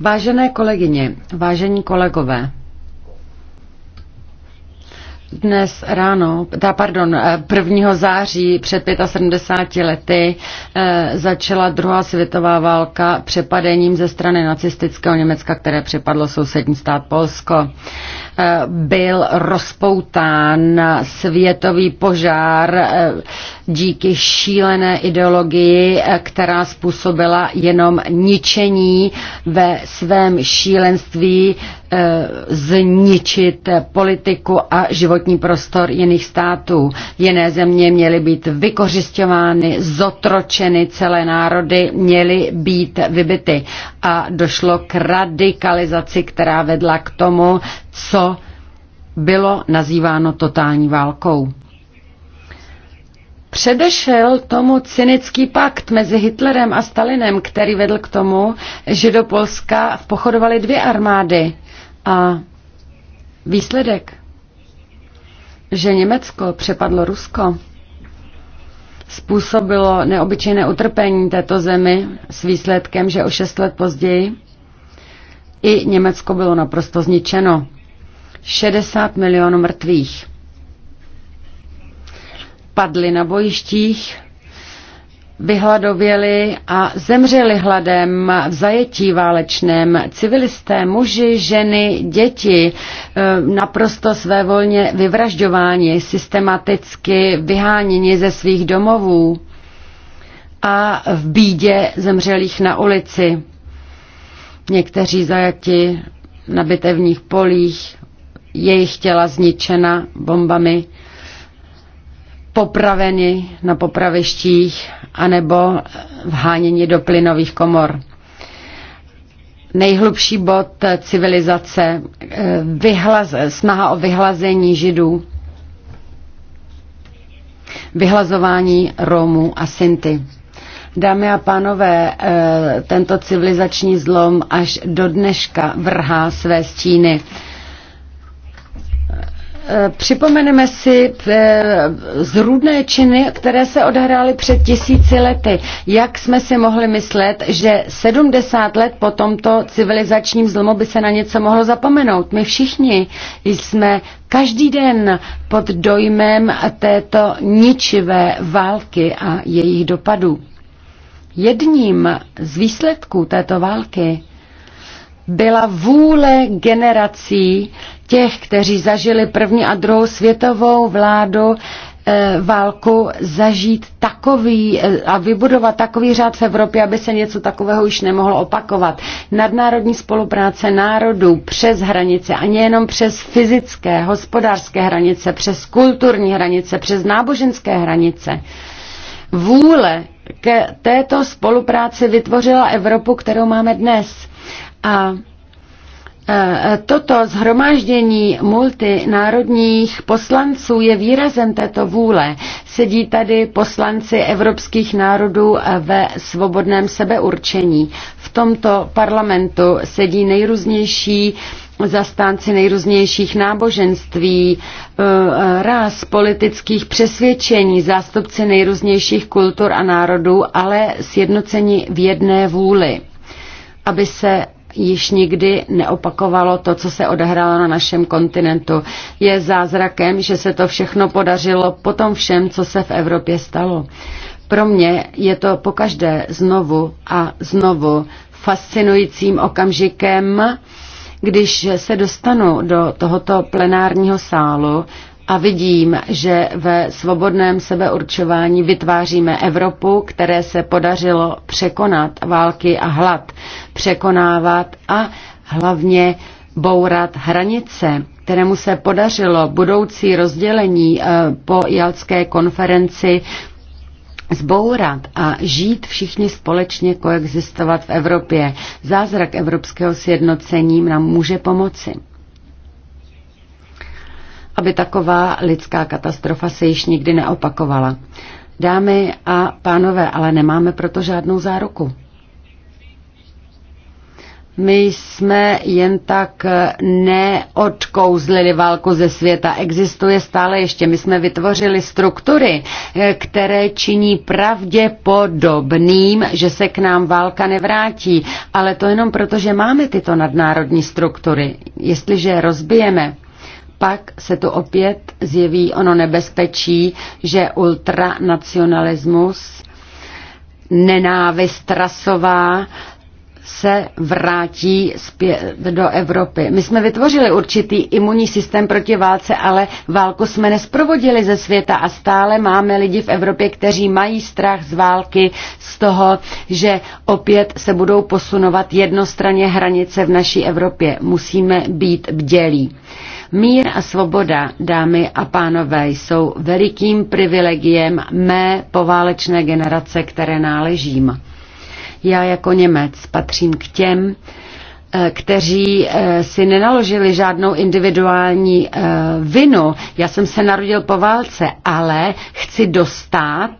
Vážené kolegyně, vážení kolegové, dnes ráno, ta, pardon, 1. Eh, září před 75 lety eh, začala druhá světová válka přepadením ze strany nacistického Německa, které přepadlo sousední stát Polsko. Eh, byl rozpoután světový požár díky šílené ideologii, která způsobila jenom ničení ve svém šílenství Eh, zničit politiku a životní prostor jiných států. Jiné země měly být vykořišťovány, zotročeny, celé národy měly být vybity. A došlo k radikalizaci, která vedla k tomu, co bylo nazýváno totální válkou. Předešel tomu cynický pakt mezi Hitlerem a Stalinem, který vedl k tomu, že do Polska pochodovaly dvě armády a výsledek, že Německo přepadlo Rusko, způsobilo neobyčejné utrpení této zemi s výsledkem, že o šest let později i Německo bylo naprosto zničeno. 60 milionů mrtvých. Padli na bojištích, vyhladověli a zemřeli hladem v zajetí válečném. Civilisté, muži, ženy, děti e, naprosto svévolně vyvražďováni, systematicky vyháněni ze svých domovů a v bídě zemřelých na ulici. Někteří zajati na bitevních polích, jejich těla zničena bombami popraveni na popravištích anebo vháněni do plynových komor. Nejhlubší bod civilizace, eh, vyhlaz, snaha o vyhlazení židů, vyhlazování Romů a Sinty. Dámy a pánové, eh, tento civilizační zlom až do dneška vrhá své stíny Eh, připomeneme si eh, zrůdné činy, které se odehrály před tisíci lety. Jak jsme si mohli myslet, že 70 let po tomto civilizačním zlomu by se na něco mohlo zapomenout? My všichni jsme každý den pod dojmem této ničivé války a jejich dopadů. Jedním z výsledků této války byla vůle generací, těch, kteří zažili první a druhou světovou vládu, eh, válku zažít takový eh, a vybudovat takový řád v Evropě, aby se něco takového už nemohlo opakovat. Nadnárodní spolupráce národů přes hranice, a nejenom přes fyzické, hospodářské hranice, přes kulturní hranice, přes náboženské hranice. Vůle ke této spolupráci vytvořila Evropu, kterou máme dnes. A E, toto zhromáždění multinárodních poslanců je výrazem této vůle. Sedí tady poslanci evropských národů ve svobodném sebeurčení. V tomto parlamentu sedí nejrůznější zastánci nejrůznějších náboženství, e, ráz, politických přesvědčení, zástupci nejrůznějších kultur a národů, ale sjednoceni v jedné vůli, aby se již nikdy neopakovalo to, co se odehrálo na našem kontinentu. Je zázrakem, že se to všechno podařilo po tom všem, co se v Evropě stalo. Pro mě je to pokaždé znovu a znovu fascinujícím okamžikem, když se dostanu do tohoto plenárního sálu a vidím, že ve svobodném sebeurčování vytváříme Evropu, které se podařilo překonat války a hlad, překonávat a hlavně bourat hranice, kterému se podařilo budoucí rozdělení eh, po Jalské konferenci zbourat a žít všichni společně koexistovat v Evropě. Zázrak evropského sjednocení nám může pomoci aby taková lidská katastrofa se již nikdy neopakovala. Dámy a pánové, ale nemáme proto žádnou záruku. My jsme jen tak neodkouzlili válku ze světa. Existuje stále ještě. My jsme vytvořili struktury, které činí pravděpodobným, že se k nám válka nevrátí. Ale to jenom proto, že máme tyto nadnárodní struktury. Jestliže rozbijeme pak se tu opět zjeví ono nebezpečí, že ultranacionalismus, nenávist rasová, se vrátí zpět do Evropy. My jsme vytvořili určitý imunní systém proti válce, ale válku jsme nesprovodili ze světa a stále máme lidi v Evropě, kteří mají strach z války, z toho, že opět se budou posunovat jednostranně hranice v naší Evropě. Musíme být bdělí. Mír a svoboda, dámy a pánové, jsou velikým privilegiem mé poválečné generace, které náležím. Já jako Němec patřím k těm, eh, kteří eh, si nenaložili žádnou individuální eh, vinu. Já jsem se narodil po válce, ale chci dostat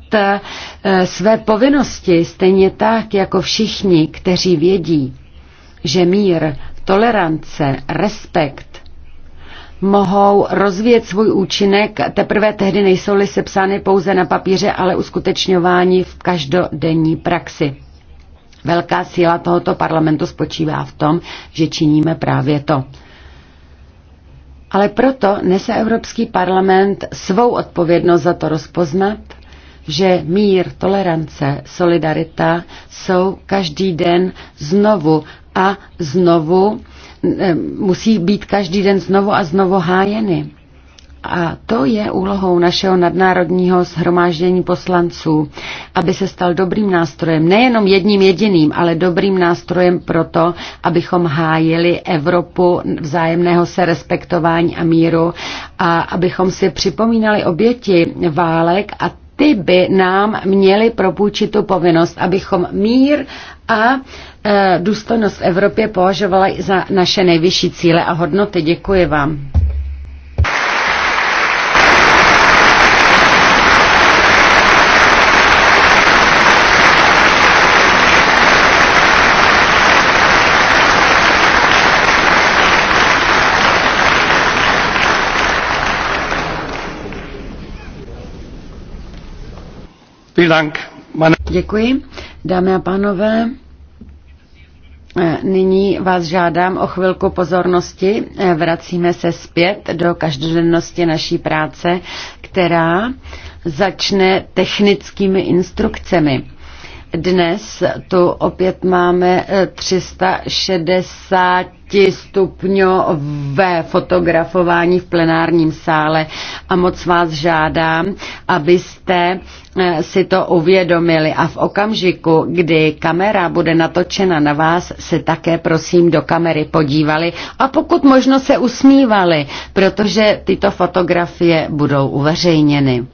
své povinnosti stejně tak, jako všichni, kteří vědí, že mír, tolerance, respekt mohou rozvíjet svůj účinek teprve tehdy nejsou-li sepsány pouze na papíře, ale uskutečňování v každodenní praxi. Velká síla tohoto parlamentu spočívá v tom, že činíme právě to. Ale proto nese Evropský parlament svou odpovědnost za to rozpoznat, že mír, tolerance, solidarita jsou každý den znovu a znovu eh, musí být každý den znovu a znovu hájeny. A to je úlohou našeho nadnárodního shromáždění poslanců, aby se stal dobrým nástrojem, nejenom jedním jediným, ale dobrým nástrojem pro to, abychom hájili Evropu vzájemného se respektování a míru a abychom si připomínali oběti válek a ty by nám měly propůjčit tu povinnost, abychom mír a Eh, důstojnost v Evropě považovala za naše nejvyšší cíle a hodnoty. Děkuji vám. Děkuji. Dámy a pánové, Eh, nyní vás žádám o chvilku pozornosti. Eh, vracíme se zpět do každodennosti naší práce, která začne technickými instrukcemi. Dnes tu opět máme 360 eh, ve fotografování v plenárním sále a moc vás žádám, abyste eh, si to uvědomili a v okamžiku, kdy kamera bude natočena na vás, se také prosím do kamery podívali a pokud možno se usmívali, protože tyto fotografie budou uveřejněny.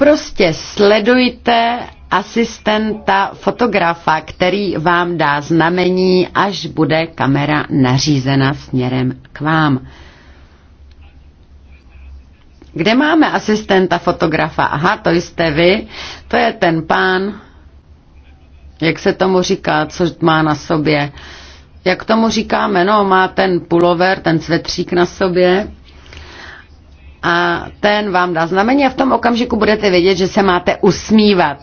Prostě sledujte asistenta fotografa, který vám dá znamení, až bude kamera nařízena směrem k vám. Kde máme asistenta fotografa? Aha, to jste vy, to je ten pán, jak se tomu říká, co má na sobě. Jak tomu říkáme, no, má ten pulover, ten svetřík na sobě a ten vám dá znamení a v tom okamžiku budete vědět, že se máte usmívat.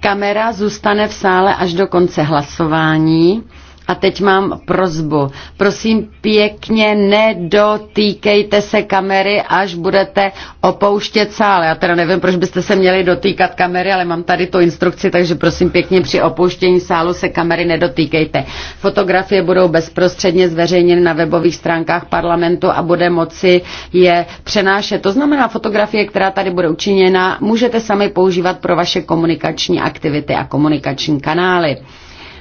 Kamera zůstane v sále až do konce hlasování. A teď mám prozbu. Prosím pěkně, nedotýkejte se kamery, až budete opouštět sál. Já teda nevím, proč byste se měli dotýkat kamery, ale mám tady tu instrukci, takže prosím pěkně, při opouštění sálu se kamery nedotýkejte. Fotografie budou bezprostředně zveřejněny na webových stránkách parlamentu a bude moci je přenášet. To znamená, fotografie, která tady bude učiněna, můžete sami používat pro vaše komunikační aktivity a komunikační kanály.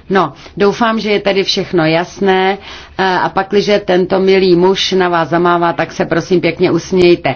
No, doufám, že je tady všechno jasné eh, a pakliže tento milý muž na vás zamává, tak se prosím pěkně usmějte.